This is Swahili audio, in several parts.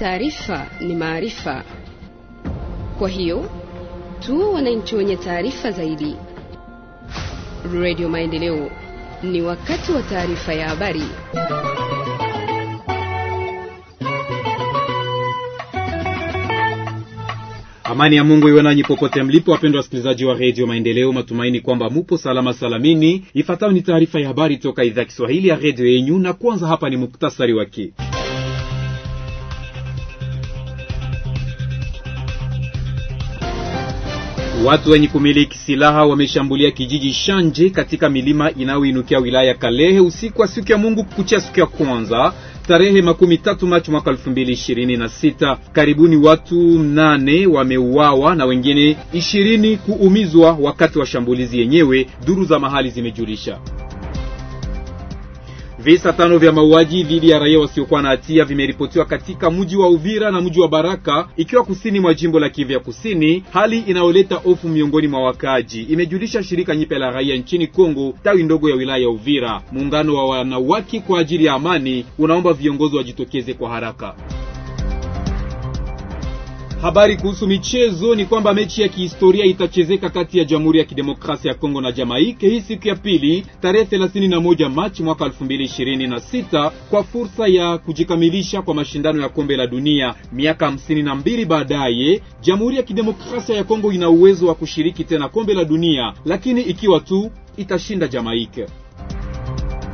Taarifa ni maarifa, kwa hiyo tuwe wananchi wenye taarifa zaidi. Radio Maendeleo, ni wakati wa taarifa ya habari. Amani ya Mungu iwe nanyi popote mlipo, wapendwa wasikilizaji wa redio Maendeleo. Matumaini kwamba mupo salama salamini. Ifuatayo ni taarifa ya habari toka idhaa Kiswahili ya redio yenyu, na kwanza hapa ni muktasari wake Watu wenye kumiliki silaha wameshambulia kijiji Shanje katika milima inayoinukia wilaya Kalehe usiku wa siku ya Mungu kuchia siku ya kwanza tarehe makumi tatu Machi mwaka elfu mbili ishirini na sita. Karibuni watu nane wameuawa na wengine ishirini kuumizwa wakati wa shambulizi yenyewe, duru za mahali zimejulisha. Visa tano vya mauaji dhidi ya raia wasiokuwa na hatia vimeripotiwa katika mji wa Uvira na mji wa Baraka, ikiwa kusini mwa jimbo la Kivu ya Kusini, hali inayoleta hofu miongoni mwa wakaaji, imejulisha shirika nyipe la raia nchini Kongo tawi ndogo ya wilaya ya Uvira. Muungano wa wanawake kwa ajili ya amani unaomba viongozi wajitokeze kwa haraka. Habari kuhusu michezo ni kwamba mechi ya kihistoria itachezeka kati ya Jamhuri ya Kidemokrasia ya Kongo na Jamaika hii siku ya pili tarehe 31 Machi mwaka 2026 kwa fursa ya kujikamilisha kwa mashindano ya kombe la dunia. Miaka 52 baadaye, Jamhuri ya Kidemokrasia ya Kongo ina uwezo wa kushiriki tena kombe la dunia, lakini ikiwa tu itashinda Jamaika.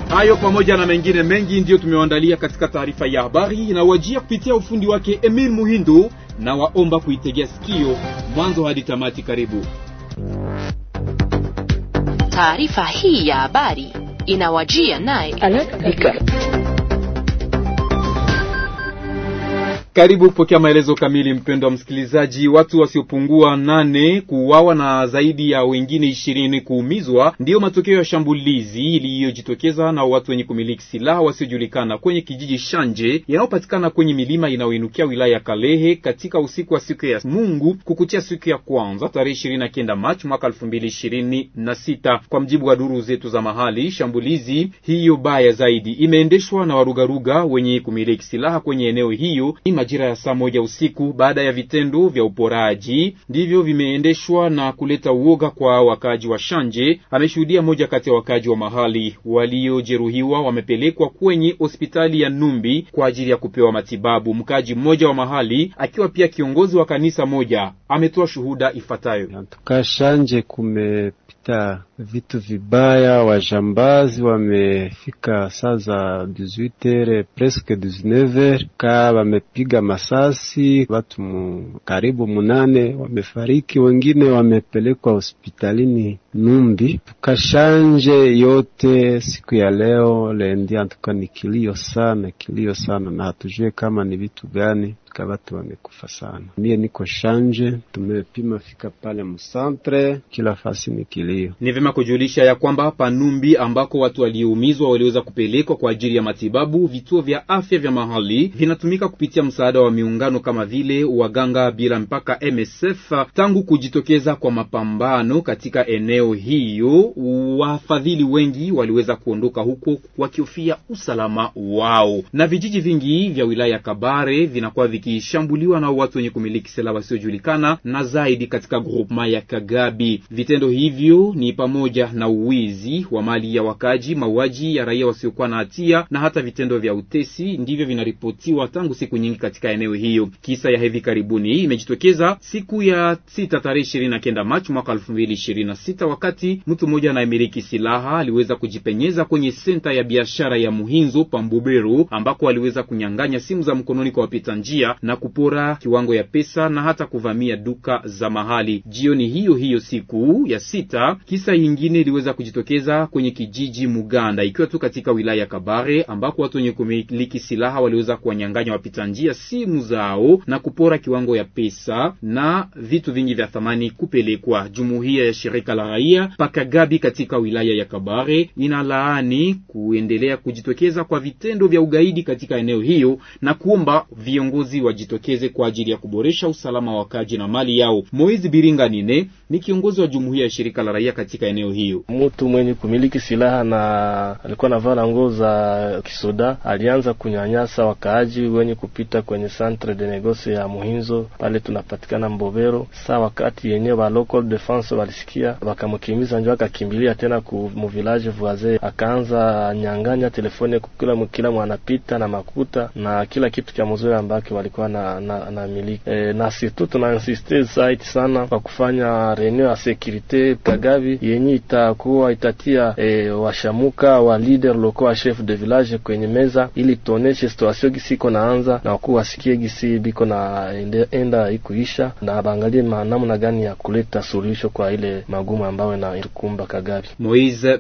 Hayo pamoja na mengine mengi ndiyo tumewaandalia katika taarifa ya habari inawajia kupitia ufundi wake Emil Muhindu, na waomba kuitegea sikio mwanzo hadi tamati. Karibu. Taarifa hii ya habari inawajia naye Karibu kupokea maelezo kamili, mpendwa msikilizaji. Watu wasiopungua nane kuuawa na zaidi ya wengine ishirini kuumizwa ndiyo matokeo ya shambulizi iliyojitokeza na watu wenye kumiliki silaha wasiojulikana kwenye kijiji Shanje yanayopatikana kwenye milima inayoinukia wilaya ya Kalehe katika usiku wa siku ya Mungu kukutia siku ya kwanza tarehe ishirini na kenda Machi mwaka elfu mbili ishirini na sita. Kwa mjibu wa duru zetu za mahali, shambulizi hiyo baya zaidi imeendeshwa na warugaruga wenye kumiliki silaha kwenye eneo hiyo ima majira ya saa moja usiku baada ya vitendo vya uporaji ndivyo vimeendeshwa na kuleta uoga kwa wakaaji wa Shanje, ameshuhudia moja kati ya wakaaji wa mahali. Waliojeruhiwa wamepelekwa kwenye hospitali ya Numbi kwa ajili ya kupewa matibabu. Mkaaji mmoja wa mahali akiwa pia kiongozi wa kanisa moja ametoa shuhuda ifuatayo. kume vita, vitu vibaya, wajambazi wamefika saa za 18h presque 19h, ka wamepiga masasi watu mu, karibu munane wamefariki, wengine wamepelekwa hospitalini Numbi. Tukashanje yote siku ya leo lendi, antuka ni kilio sana, kilio sana, na hatujue kama ni vitu gani katika watu wamekufa sana. Mie niko shanje, tumepima fika pale msantre, kila fasi ni kilio. Ni kujulisha ya kwamba Panumbi ambako watu waliumizwa waliweza kupelekwa kwa ajili ya matibabu, vituo vya afya vya mahali vinatumika kupitia msaada wa miungano kama vile waganga bila mpaka MSF. Tangu kujitokeza kwa mapambano katika eneo hiyo, wafadhili wengi waliweza kuondoka huko wakihofia usalama wao, na vijiji vingi vya wilaya ya Kabare vinakuwa viki ikishambuliwa na watu wenye kumiliki silaha wasiojulikana na zaidi katika grupma ya Kagabi. Vitendo hivyo ni pamoja na uwizi wa mali ya wakaji, mauaji ya raia wasiokuwa na hatia na hata vitendo vya utesi ndivyo vinaripotiwa tangu siku nyingi katika eneo hiyo. Kisa ya hivi karibuni imejitokeza siku ya sita tarehe ishirini na kenda Machi mwaka elfu mbili ishirini na sita wakati mtu mmoja anayemiliki silaha aliweza kujipenyeza kwenye senta ya biashara ya Muhinzo Pambuberu ambako aliweza kunyang'anya simu za mkononi kwa wapita njia na kupora kiwango ya pesa na hata kuvamia duka za mahali. Jioni hiyo hiyo siku ya sita, kisa yingine iliweza kujitokeza kwenye kijiji Muganda, ikiwa tu katika wilaya ya Kabare, ambako watu wenye kumiliki silaha waliweza kuwanyang'anya wapita njia simu zao na kupora kiwango ya pesa na vitu vingi vya thamani kupelekwa. Jumuiya ya shirika la raia Pakagabi katika wilaya ya Kabare inalaani kuendelea kujitokeza kwa vitendo vya ugaidi katika eneo hiyo na kuomba viongozi wajitokeze kwa ajili ya kuboresha usalama wa wakaji na mali yao. Moizi Biringa Nine ni kiongozi wa jumuiya ya shirika la raia katika eneo hiyo. Mtu mwenye kumiliki silaha na alikuwa navala nguo za kisoda alianza kunyanyasa wakaaji wenye kupita kwenye centre de negoce ya Muhinzo pale tunapatikana Mbobero. Saa wakati yenyewe wa local defense walisikia wakamkimiza, njo akakimbilia tena ku muvilage voisin, akaanza nyang'anya telefoni kila mwanapita na makuta na kila kitu kya mzuri ambake alikuwa na na, na miliki e, na surtout tunainsiste zaidi sana kwa kufanya reunion ya sekurite kagabi yenye itakuwa itatia e, washamuka wa leader loko wa chef de village kwenye meza, ili tuoneshe situation gisi iko naanza na wakuwa wasikie gisi biko na ende, enda ikuisha na bangalie namna gani ya kuleta suluhisho kwa ile magumu ambayo na ilikumba Kagabi. Moise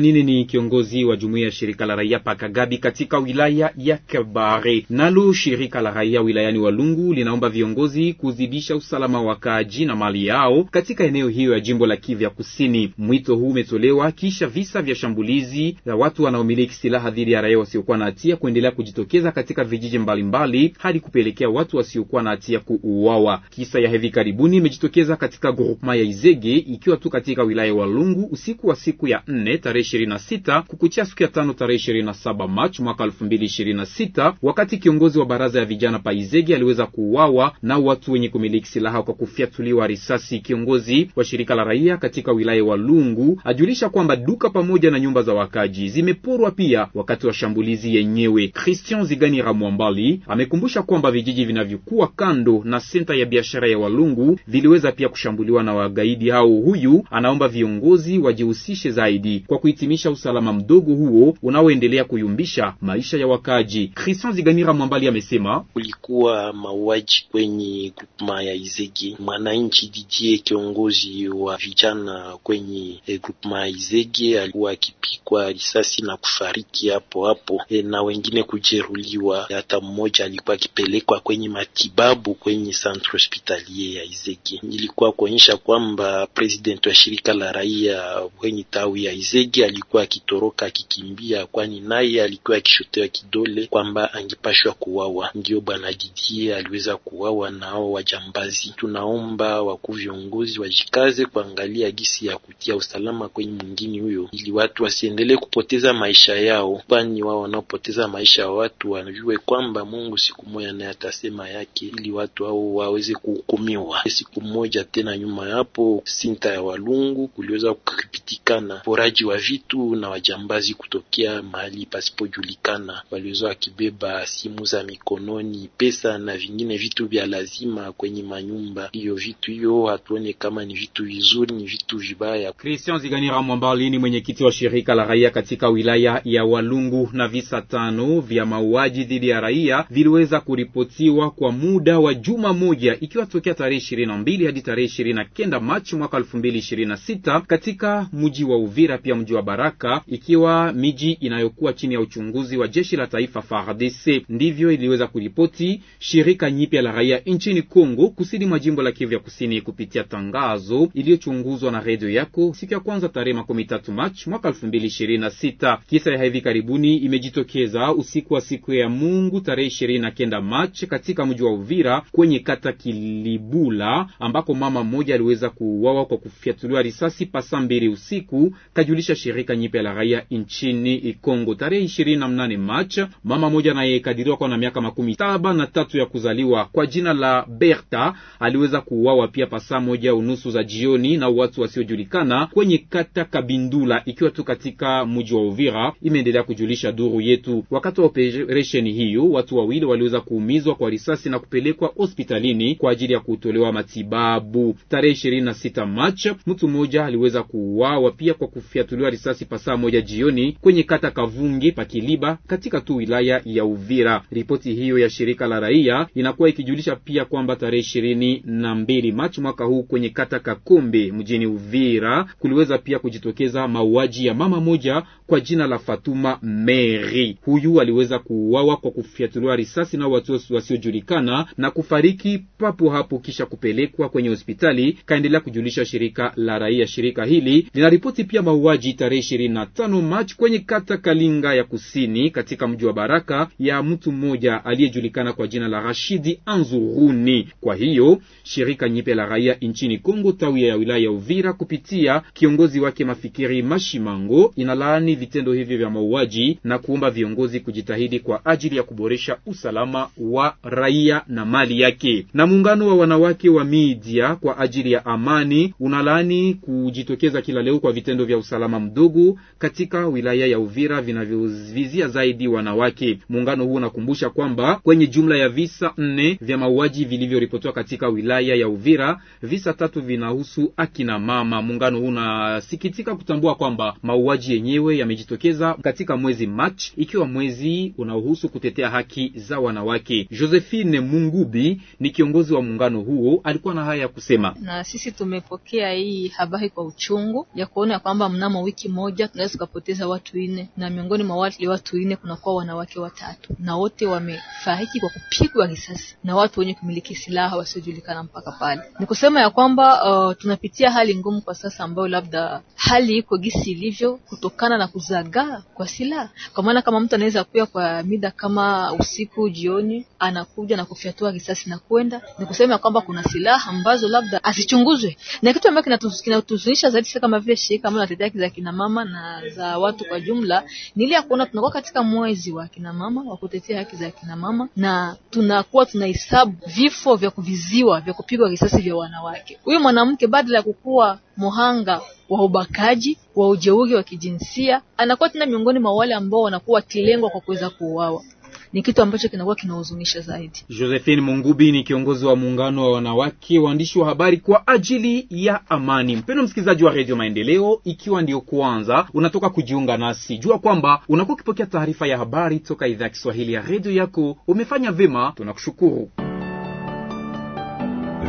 nini ni kiongozi wa jumuiya ya shirika la raia pa Kagabi katika wilaya ya Kabare. Nalo shirika la raia sheria wilayani Walungu linaomba viongozi kuzidisha usalama wa kaaji na mali yao katika eneo hiyo ya jimbo la Kivu Kusini. Mwito huu umetolewa kisha visa vya shambulizi la watu wanaomiliki silaha dhidi ya raia wasiokuwa na hatia kuendelea kujitokeza katika vijiji mbalimbali mbali, hadi kupelekea watu wasiokuwa na hatia kuuawa. Kisa ya hivi karibuni imejitokeza katika groupema ya Izege ikiwa tu katika wilaya Walungu usiku wa siku ya 4 tarehe 26 kukuchia siku ya 5 tarehe 27 Machi mwaka 2026 wakati kiongozi wa baraza ya vijana Paizege aliweza kuuawa na watu wenye kumiliki silaha kwa kufyatuliwa risasi. Kiongozi wa shirika la raia katika wilaya Walungu ajulisha kwamba duka pamoja na nyumba za wakaji zimeporwa pia wakati wa shambulizi yenyewe. Christian Zigani Ramwambali amekumbusha kwamba vijiji vinavyokuwa kando na senta ya biashara ya Walungu viliweza pia kushambuliwa na wagaidi hao. Huyu anaomba viongozi wajihusishe zaidi kwa kuhitimisha usalama mdogo huo unaoendelea kuyumbisha maisha ya wakaji. Christian Ziganira Mwambali amesema kuwa mauaji kwenye grupema ya Izege. Mwananchi Didie, kiongozi wa vijana kwenye e, eh, grupema ya Izege, alikuwa akipikwa risasi na kufariki hapo hapo e, na wengine kujeruliwa. Hata mmoja alikuwa akipelekwa kwenye matibabu kwenye centre hospitalier ya Izege. Ilikuwa kuonyesha kwamba president wa shirika la raia kwenye tawi ya Izege alikuwa akitoroka akikimbia, kwani naye alikuwa akishotewa kidole kwamba angepashwa kuwawa. Ndio bwana Gidie aliweza kuwawa na hao wajambazi. Tunaomba wakuu viongozi wajikaze kuangalia gisi ya kutia usalama kwenye mwingine huyo, ili watu wasiendelee kupoteza maisha yao, kwani wao wanaopoteza maisha ya watu wajue kwamba Mungu siku moja naye atasema yake, ili watu hao waweze kuhukumiwa siku moja. Tena nyuma yapo sinta ya Walungu kuliweza kukipitikana poraji wa vitu na wajambazi kutokea mahali pasipojulikana, waliweza wakibeba simu za mikononi pesa na vingine vitu vya lazima kwenye manyumba. Hiyo vitu hiyo hatuone kama ni vitu vizuri, ni vitu vibaya. Christian Ziganira Mwambali ni mwenyekiti wa shirika la raia katika wilaya ya Walungu, na visa tano vya mauaji dhidi ya raia viliweza kuripotiwa kwa muda wa juma moja, ikiwa tokea tarehe 22 hadi tarehe 29 Machi mwaka 2026 katika mji wa Uvira, pia mji wa Baraka, ikiwa miji inayokuwa chini ya uchunguzi wa jeshi la taifa FARDC. Ndivyo iliweza kuripoti Kusini, shirika nyipya la raia nchini Kongo kusini mwa jimbo la Kivu ya Kusini, kupitia tangazo iliyochunguzwa na redio yako siku ya kwanza tarehe makumi tatu Machi mwaka elfu mbili ishirini na sita. Kisa ya hivi karibuni imejitokeza usiku wa siku ya Mungu tarehe ishirini na kenda Machi katika mji wa Uvira kwenye kata Kilibula ambako mama mmoja aliweza kuuawa kwa kufyatuliwa risasi pasa mbili usiku, kajulisha shirika nyipya la raia nchini Kongo. Tarehe ishirini na mnane Machi mama mmoja anayekadiriwa kuwa na miaka makumi saba na tatu ya kuzaliwa kwa jina la Berta aliweza kuuawa pia pasaa moja unusu za jioni na watu wasiojulikana kwenye kata Kabindula ikiwa tu katika mji wa Uvira, imeendelea kujulisha duru yetu. Wakati wa operesheni hiyo watu wawili waliweza kuumizwa kwa risasi na kupelekwa hospitalini kwa ajili ya kutolewa matibabu. Tarehe 26 Machi mtu mmoja aliweza kuuawa pia kwa kufyatuliwa risasi pasaa moja jioni kwenye kata Kavungi Pakiliba katika tu wilaya ya Uvira. Ripoti hiyo ya shirika la raia inakuwa ikijulisha pia kwamba tarehe ishirini na mbili Machi mwaka huu kwenye kata Kakombe mjini Uvira kuliweza pia kujitokeza mauaji ya mama moja kwa jina la Fatuma Meri. Huyu aliweza kuuawa kwa kufyatuliwa risasi na watu wasiojulikana na kufariki papo hapo kisha kupelekwa kwenye hospitali, kaendelea kujulisha shirika la raia. Shirika hili linaripoti pia mauaji tarehe ishirini na tano Machi kwenye kata Kalinga ya kusini katika mji wa Baraka ya mtu mmoja aliyejulikana anajulikana kwa jina la Rashidi Anzuruni. Kwa hiyo shirika nyipe la raia nchini Kongo tawia ya wilaya ya Uvira kupitia kiongozi wake Mafikiri Mashimango inalaani vitendo hivi vya mauaji na kuomba viongozi kujitahidi kwa ajili ya kuboresha usalama wa raia na mali yake. Na muungano wa wanawake wa media kwa ajili ya amani unalaani kujitokeza kila leo kwa vitendo vya usalama mdogo katika wilaya ya Uvira vinavyovizia zaidi wanawake. Muungano huu unakumbusha kwamba kwenye jumla ya visa nne vya mauaji vilivyoripotiwa katika wilaya ya Uvira, visa tatu vinahusu akina mama. Muungano huu unasikitika kutambua kwamba mauaji yenyewe yamejitokeza katika mwezi Machi, ikiwa mwezi unaohusu kutetea haki za wanawake. Josephine Mungubi ni kiongozi wa muungano huo, alikuwa na haya ya kusema. Na sisi tumepokea hii habari kwa uchungu ya kuona kwamba mnamo wiki moja tunaweza tukapoteza watu nne, na miongoni mwa wale watu nne kunakuwa wanawake watatu, na wote wamefariki kwa wa kupigwa risasi na watu wenye kumiliki silaha wasiojulikana mpaka pale. Ni kusema ya kwamba uh, tunapitia hali ngumu kwa sasa ambayo labda hali iko gisi ilivyo kutokana na kuzagaa kwa silaha, kwa maana kama mtu anaweza kuya kwa mida kama usiku jioni, anakuja na kufyatua risasi na kwenda. Ni kusema ya kwamba kuna silaha ambazo labda asichunguzwe, na kitu ambacho kinatuzunisha zaidi sasa kama vile shirika ambalo natetea haki za kina mama na za watu kwa jumla, ni ile ya kuona tunakuwa katika mwezi wa kina mama wa kutetea haki za kina mama na tunakuwa tunahesabu vifo vya kuviziwa vya kupigwa risasi vya wanawake. Huyu mwanamke badala ya kukuwa mhanga wa ubakaji wa ujeuri wa kijinsia anakuwa tena miongoni mwa wale ambao wanakuwa wakilengwa kwa kuweza kuuawa ni kitu ambacho kinakuwa kinahuzunisha zaidi. Josephine Mungubi ni kiongozi wa muungano wa wanawake waandishi wa habari kwa ajili ya amani. Mpendo msikilizaji wa Radio Maendeleo, ikiwa ndiyo kwanza unatoka kujiunga nasi, jua kwamba unakuwa ukipokea taarifa ya habari toka idhaa ya Kiswahili ya redio yako. Umefanya vema, tunakushukuru.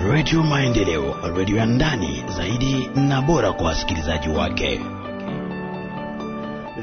Radio Maendeleo, radio ya ndani zaidi na bora kwa wasikilizaji wake.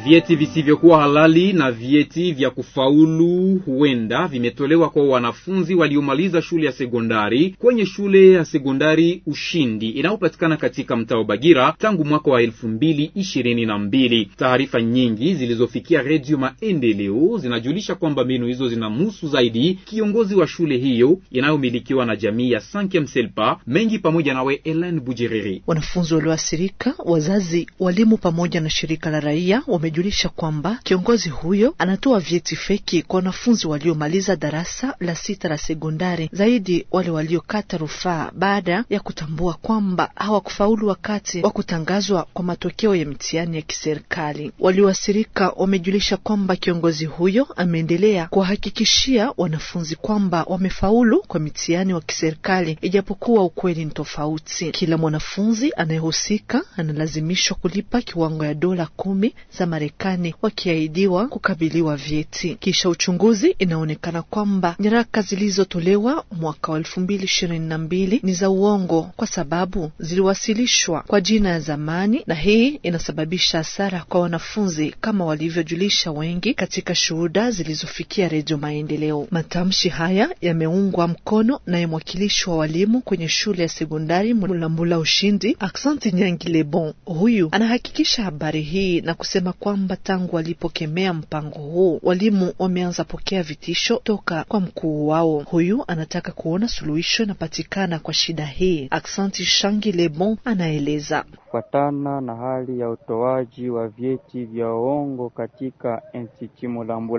Vyeti visivyokuwa halali na vyeti vya kufaulu huenda vimetolewa kwa wanafunzi waliomaliza shule ya sekondari kwenye shule ya sekondari Ushindi inayopatikana katika mtaa wa Bagira tangu mwaka wa elfu mbili ishirini na mbili. Taarifa nyingi zilizofikia Redio Maendeleo zinajulisha kwamba mbinu hizo zinamhusu zaidi kiongozi wa shule hiyo inayomilikiwa na jamii ya Sankem Selpa mengi pamoja nawe Ellen Bujereri. Wanafunzi walioathirika, wazazi, walimu pamoja na shirika la raia wame amejulisha kwamba kiongozi huyo anatoa vyeti feki kwa wanafunzi waliomaliza darasa la sita la sekondari, zaidi wale waliokata rufaa baada ya kutambua kwamba hawakufaulu wakati wa kutangazwa kwa matokeo ya mitiani ya kiserikali. Walioathirika wamejulisha kwamba kiongozi huyo ameendelea kuwahakikishia wanafunzi kwamba wamefaulu kwa mitiani wa kiserikali, ijapokuwa ukweli ni tofauti. Kila mwanafunzi anayehusika analazimishwa kulipa kiwango ya dola kumi za Marekani wakiahidiwa kukabiliwa vyeti. Kisha uchunguzi, inaonekana kwamba nyaraka zilizotolewa mwaka wa elfu mbili ishirini na mbili ni za uongo kwa sababu ziliwasilishwa kwa jina ya zamani, na hii inasababisha hasara kwa wanafunzi kama walivyojulisha wengi katika shuhuda zilizofikia Redio Maendeleo. Matamshi haya yameungwa mkono naye mwakilishi wa walimu kwenye shule ya sekondari Mulambula Ushindi, Aksanti Nyangi Lebon. Huyu anahakikisha habari hii na kusema kwa kwamba tangu walipokemea mpango huu walimu wameanza pokea vitisho toka kwa mkuu wao. Huyu anataka kuona suluhisho inapatikana kwa shida hii. Aksanti Shangi Lebon anaeleza kufuatana na hali ya utoaji wa vyeti vya uongo katika nchi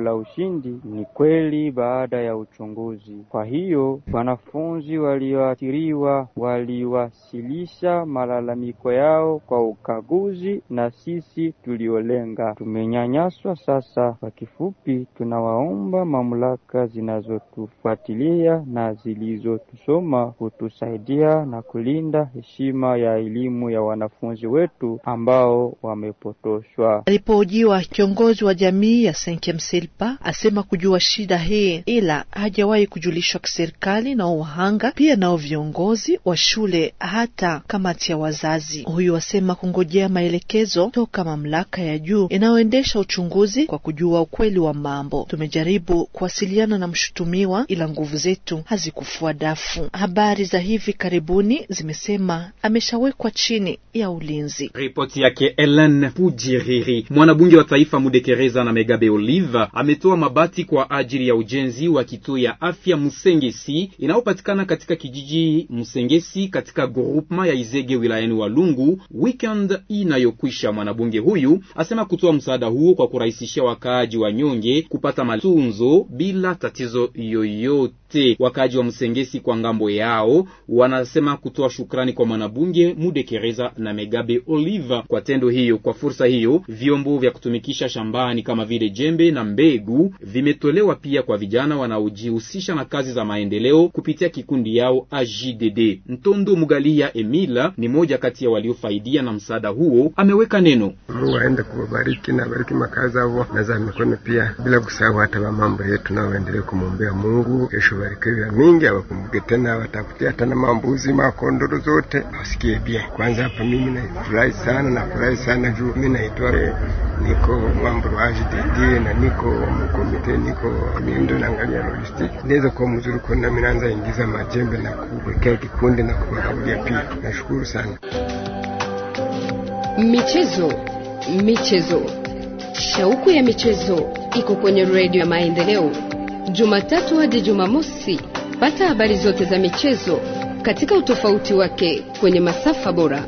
la Ushindi ni kweli baada ya uchunguzi. Kwa hiyo wanafunzi walioathiriwa waliwasilisha malalamiko yao kwa ukaguzi, na sisi tuliolenga tumenyanyaswa. Sasa kwa kifupi, tunawaomba mamlaka zinazotufuatilia na zilizotusoma kutusaidia na kulinda heshima ya elimu ya wanafunzi wanafunzi wetu ambao wamepotoshwa. Alipohojiwa, kiongozi wa jamii ya Senkemselpa asema kujua shida hii, ila hajawahi kujulishwa kiserikali na wahanga pia nao viongozi wa shule hata kamati ya wazazi. Huyu asema kungojea maelekezo toka mamlaka ya juu inayoendesha uchunguzi kwa kujua ukweli wa mambo. Tumejaribu kuwasiliana na mshutumiwa, ila nguvu zetu hazikufua dafu. Habari za hivi karibuni zimesema ameshawekwa chini ya ulinzi. Ripoti yake Ellen Pujiriri. Mwanabunge wa taifa Mudekereza na Megabe olive ametoa mabati kwa ajili ya ujenzi wa kituo ya afya Msengesi inayopatikana katika kijiji Msengesi katika grupma ya Izege wilayani Walungu weekend inayokwisha. Mwanabunge huyu asema kutoa msaada huo kwa kurahisishia wakaaji wa nyonge kupata matunzo bila tatizo yoyote. Wakaaji wa Msengesi kwa ngambo yao wanasema kutoa shukrani kwa mwanabunge Mudekereza na Megabe Oliva kwa tendo hiyo. Kwa fursa hiyo, vyombo vya kutumikisha shambani kama vile jembe na mbegu vimetolewa pia kwa vijana wanaojihusisha na kazi za maendeleo kupitia kikundi yao AJDD. Ntondo Mugalia Emila ni moja kati ya waliofaidia na msaada huo, ameweka neno: Mungu aende kuwabariki na bariki makazi yao na za mikono pia, bila kusahau hata wa mambo yetu, nao waendelee kumwombea Mungu, kesho barikiwe mingi, awakumbuke tena, watafutia hata na mambuzi makondoro zote, wasikie bia kwanza hapa mimi ninafurahi sana, nafurahi sana juu mimi naitwa niko mambo mwamburaji Didie na niko mkomite, niko miundo na angalia logistic. Ndio kwa mzuri kwa nami naanza ingiza majembe na kuwekea kikundi na kuwagabulia pia. Nashukuru sana. Michezo, michezo, shauku ya michezo iko kwenye redio ya Maendeleo, Jumatatu hadi Jumamosi. Pata habari zote za michezo katika utofauti wake kwenye masafa bora.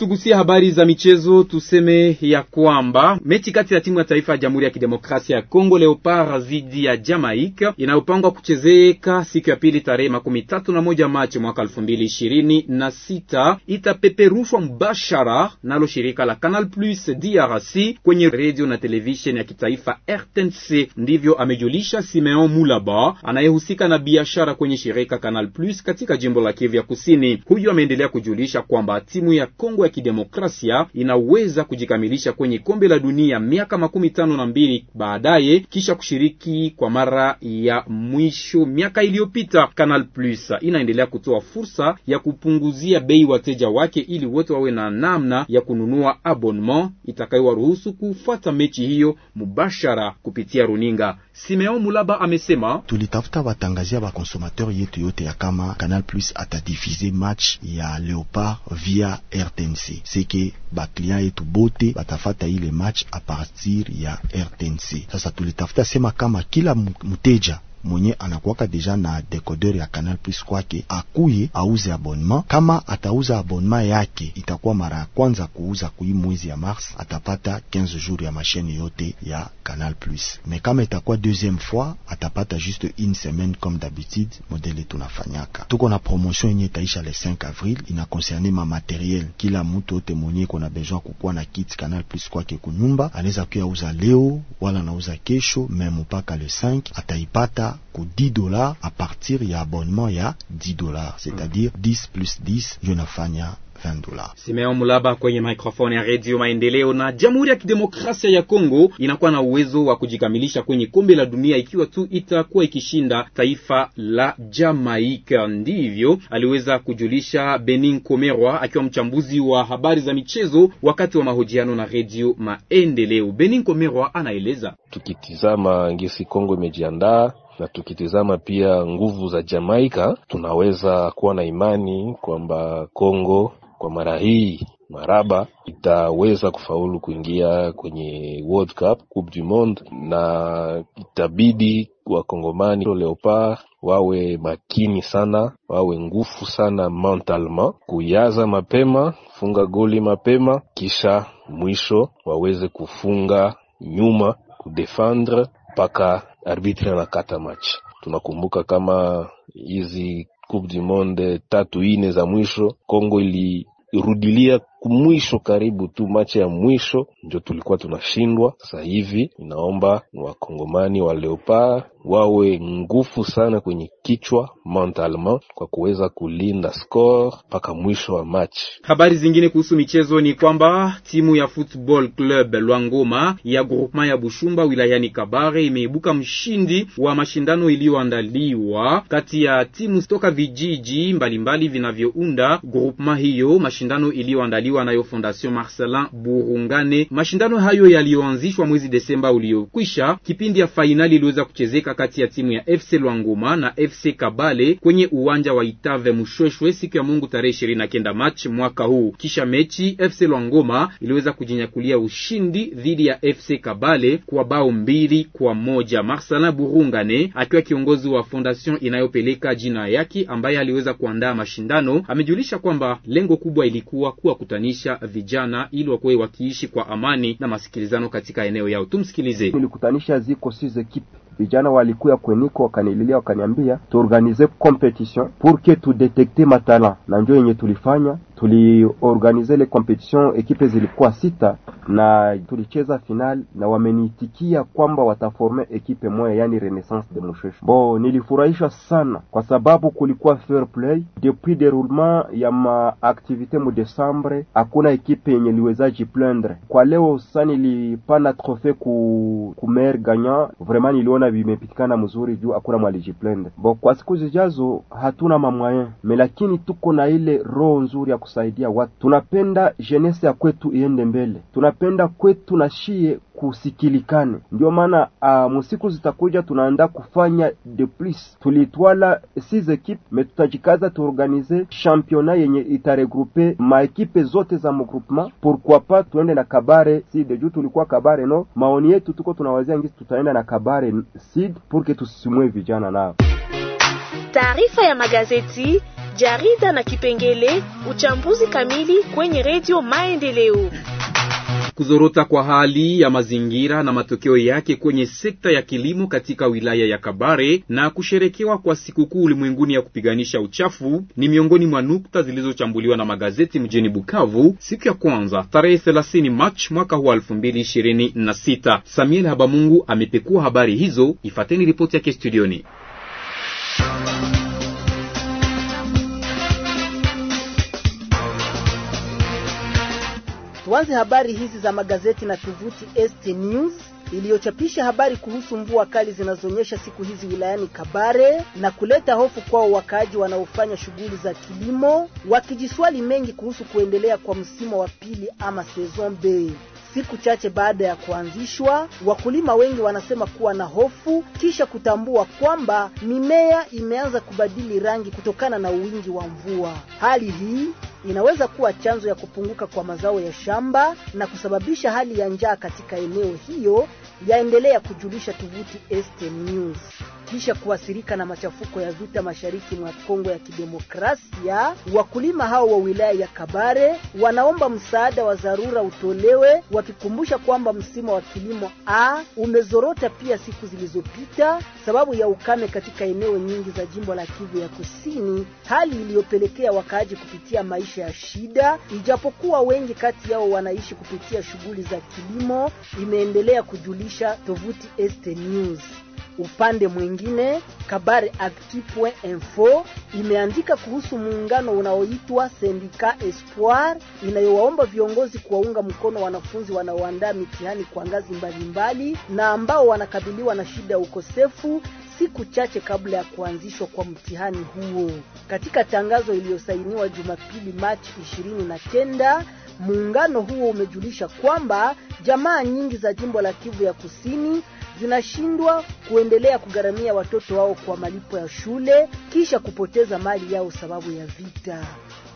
Tukigusia habari za michezo, tuseme ya kwamba mechi kati ya timu ya taifa ya Jamhuri ya Kidemokrasia ya Kongo Leopard dhidi ya Jamaica inayopangwa kuchezeka siku ya pili tarehe makumi tatu na moja Machi mwaka elfu mbili ishirini na sita itapeperushwa mbashara nalo shirika la Canal Plus DRC kwenye redio na televisheni ya kitaifa RTNC. Ndivyo amejulisha Simeon Mulaba anayehusika na biashara kwenye shirika Canal Plus katika jimbo la Kivu ya Kusini. Huyu ameendelea kujulisha kwamba timu ya Kongo ya kidemokrasia inaweza kujikamilisha kwenye kombe la dunia miaka makumi tano na mbili baadaye kisha kushiriki kwa mara ya mwisho miaka iliyopita. Canal Plus inaendelea kutoa fursa ya kupunguzia bei wateja wake ili wote wawe na namna ya kununua abonnement itakayowaruhusu kufuata mechi hiyo mubashara kupitia runinga. Simeon Mulaba amesema, tulitafuta watangazia wa consomateur yetu yote ya kama Canal Plus atadivize match ya Leopard via RTNC RTNC seke baklian yetu bote batafata ile match a partir ya RTNC. Sasa tulitafuta sema kama kila muteja mwenye anakuwaka deja na decoder ya Canal Plus kwake akuye auze abonema. Kama atauza abonema yake itakuwa mara ya kwanza kuuza kui mwezi ya mars, atapata 15 jours ya mashine yote ya Canal Plus. Me kama itakuwa deuxième fois atapata juste une semaine comme d'habitude. Modele tunafanyaka tuko na promotion yenye itaisha le 5 avril, ina concerne ma materiel. Kila mtu ote mwenye kona besoin kukuwa na kit Canal Plus kwake kunyumba anaweza kuyauza leo wala anauza kesho, meme mpaka le 5 ataipata ko 10 dola a partir ya abonnement ya 10 dola, c'est-à-dire 10 plus 10 20 yonafanya Simeon Mulaba kwenye maikrofoni ya Redio Maendeleo. Na Jamhuri ya Kidemokrasia ya Kongo inakuwa na uwezo wa kujikamilisha kwenye kombe la dunia ikiwa tu itakuwa ikishinda taifa la Jamaika. Ndivyo aliweza kujulisha Benin Komerwa akiwa mchambuzi wa habari za michezo wakati wa mahojiano na Redio Maendeleo. Benin Komerwa anaeleza, tukitizama ngisi Kongo imejiandaa na tukitizama pia nguvu za Jamaika, tunaweza kuwa na imani kwamba Kongo kwa mara hii maraba itaweza kufaulu kuingia kwenye World Cup, Coupe du Monde, na itabidi Wakongomani Leopard wawe makini sana, wawe ngufu sana mentalement, kuyaza mapema, funga goli mapema, kisha mwisho waweze kufunga nyuma, kudefendre mpaka arbitre anakata match. Tunakumbuka kama hizi Coupe du Monde tatu ine za mwisho Kongo ilirudilia kumwisho karibu tu machi ya mwisho ndio tulikuwa tunashindwa. Sasa hivi inaomba wakongomani wa Leopard wawe ngufu sana kwenye kichwa mentalement, kwa kuweza kulinda score mpaka mwisho wa machi. Habari zingine kuhusu michezo ni kwamba timu ya Football Club Lwangoma ya groupement ya Bushumba wilayani Kabare imeibuka mshindi wa mashindano iliyoandaliwa kati ya timu toka vijiji mbalimbali vinavyounda groupement hiyo, mashindano iliyoandaliwa yaliyoandaliwa nayo Fondation Marcelin Burungane. Mashindano hayo yaliyoanzishwa mwezi Desemba uliokwisha, kipindi ya fainali iliweza kuchezeka kati ya timu ya FC lwanguma na FC Kabale kwenye uwanja wa Itave Mshweshwe siku ya Mungu tarehe kenda Machi mwaka huu. Kisha mechi FC lwanguma iliweza kujinyakulia ushindi dhidi ya FC Kabale kwa bao mbili kwa moja. Marcelin Burungane akiwa kiongozi wa fondation inayopeleka jina yake ambaye aliweza kuandaa mashindano amejulisha kwamba lengo kubwa ilikuwa kuwa kuta kukutanisha vijana ili wakuwe wakiishi kwa amani na masikilizano katika eneo yao. Tumsikilize. nilikutanisha ziko size kipi vijana walikuya kweniko wakanililia, wakaniambia tuorganize competition pour que tudetekte matala, na njo yenye tulifanya tuliorganize ile competition, ekipe zilikuwa sita na tulicheza final, na wameniitikia kwamba wataforme ekipe moja, yani Renaissance de Mushesho. Bo, nilifurahishwa sana kwa sababu kulikuwa fair play depuis deroulement ya maaktivite mu Desambre, hakuna ekipe yenye liwezaji plendre Kwa leo sasa nilipana trofe ku, ku maire gagnant, vraiment niliona vimepitikana mzuri juu hakuna mwalijiplendre. Bo, kwa siku zijazo hatuna mamwyen me, lakini tuko na ile roho nzuri ya kusaidia watu. Tunapenda jenese ya kwetu iende mbele, tunapenda kwetu na shie kusikilikane. Ndio maana uh, musiku zitakuja tunaenda kufanya de plus, tulitwala six metutajikaza me, tutajikaza tuorganize championa yenye itaregrupe maekipe zote za mugroupement. Pourquoi pas tuende na Kabare sid juu tulikuwa Kabare no. Maoni yetu tuko tunawazia ngisi tutaenda na Kabare Sud purke tusisimue vijana nao. Taarifa ya magazeti jarida na kipengele uchambuzi kamili kwenye redio Maendeleo. Kuzorota kwa hali ya mazingira na matokeo yake kwenye sekta ya kilimo katika wilaya ya Kabare na kusherekewa kwa sikukuu ulimwenguni ya kupiganisha uchafu ni miongoni mwa nukta zilizochambuliwa na magazeti mjini Bukavu siku ya kwanza tarehe 30 Machi mwaka huu sita. Samuel Habamungu amepekua habari hizo, ifateni ripoti yake studioni. Tuanze habari hizi za magazeti na tovuti ST News iliyochapisha habari kuhusu mvua kali zinazonyesha siku hizi wilayani Kabare na kuleta hofu kwao wakaaji wanaofanya shughuli za kilimo, wakijiswali mengi kuhusu kuendelea kwa msimu wa pili ama saison B. Siku chache baada ya kuanzishwa, wakulima wengi wanasema kuwa na hofu kisha kutambua kwamba mimea imeanza kubadili rangi kutokana na wingi wa mvua. Hali hii inaweza kuwa chanzo ya kupunguka kwa mazao ya shamba na kusababisha hali ya njaa katika eneo hiyo, yaendelea kujulisha tovuti Este News. Kisha kuathirika na machafuko ya vita mashariki mwa Kongo ya Kidemokrasia, wakulima hao wa wilaya ya Kabare wanaomba msaada wa dharura utolewe, wakikumbusha kwamba msimu wa kilimo A umezorota pia siku zilizopita sababu ya ukame katika eneo nyingi za jimbo la Kivu ya Kusini, hali iliyopelekea wakaaji kupitia maisha ya shida, ijapokuwa wengi kati yao wanaishi kupitia shughuli za kilimo, imeendelea kujulisha tovuti Este News. Upande mwingine, Kabare info imeandika kuhusu muungano unaoitwa Sendika Espoir inayowaomba viongozi kuwaunga mkono wanafunzi wanaoandaa mitihani kwa ngazi mbalimbali na ambao wanakabiliwa na shida ya ukosefu siku chache kabla ya kuanzishwa kwa mtihani huo. Katika tangazo iliyosainiwa Jumapili Machi 29, muungano huo umejulisha kwamba jamaa nyingi za jimbo la Kivu ya Kusini zinashindwa kuendelea kugharamia watoto wao kwa malipo ya shule, kisha kupoteza mali yao sababu ya vita.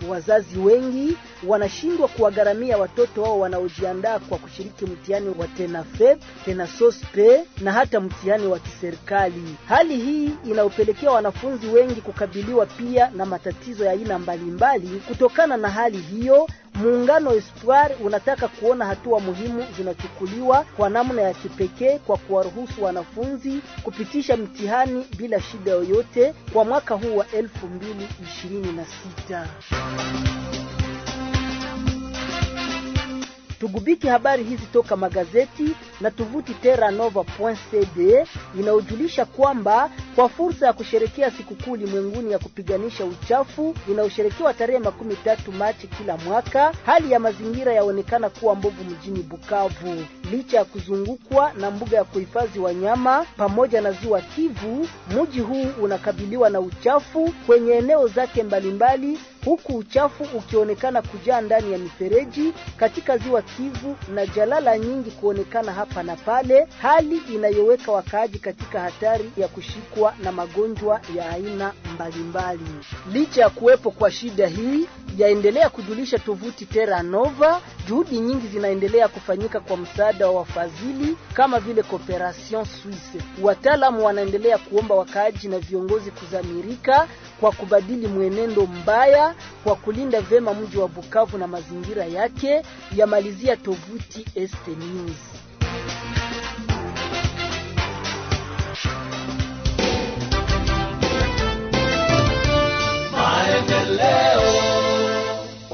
Wazazi wengi wanashindwa kuwagharamia watoto wao wanaojiandaa kwa kushiriki mtihani wa TENAFEP, TENASOSPE na hata mtihani wa kiserikali. Hali hii inaopelekea wanafunzi wengi kukabiliwa pia na matatizo ya aina mbalimbali. Kutokana na hali hiyo Muungano Espoir unataka kuona hatua muhimu zinachukuliwa kwa namna ya kipekee kwa kuwaruhusu wanafunzi kupitisha mtihani bila shida yoyote kwa mwaka huu wa 2026. Tugubiki habari hizi toka magazeti na tuvuti terranova.cd inayojulisha kwamba kwa fursa ya kusherekea sikukuu ulimwenguni ya kupiganisha uchafu inayosherekewa tarehe makumi tatu Machi kila mwaka, hali ya mazingira yaonekana kuwa mbovu mjini Bukavu licha ya kuzungukwa na mbuga ya kuhifadhi wanyama pamoja na ziwa Kivu, mji huu unakabiliwa na uchafu kwenye eneo zake mbalimbali, huku uchafu ukionekana kujaa ndani ya mifereji katika ziwa Kivu na jalala nyingi kuonekana hapa na pale, hali inayoweka wakaaji katika hatari ya kushikwa na magonjwa ya aina mbalimbali. Licha ya kuwepo kwa shida hii, yaendelea kujulisha tovuti Terra Nova Juhudi nyingi zinaendelea kufanyika kwa msaada wa wafadhili kama vile Cooperation Suisse. Wataalamu wanaendelea kuomba wakaaji na viongozi kuzamirika kwa kubadili mwenendo mbaya kwa kulinda vyema mji wa Bukavu na mazingira yake, yamalizia tovuti Este News. Maendeleo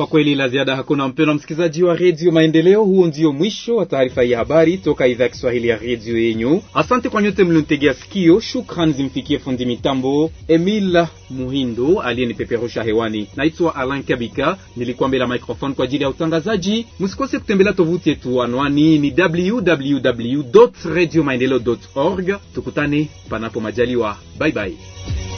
kwa kweli la ziada hakuna, mpendwa msikilizaji wa redio Maendeleo, huo ndio mwisho wa taarifa ya habari toka idhaa ya Kiswahili ya redio yenyu. Asante kwa nyote mlionitegea sikio. Shukrani zimfikie fundi mitambo Emil Muhindo aliyenipeperusha hewani. Naitwa Alan Kabika, nilikuwa mbele ya microphone kwa ajili ya utangazaji. Msikose kutembelea tovuti yetu, anwani ni www.radiomaendeleo.org. Tukutane panapo majaliwa, bye bye.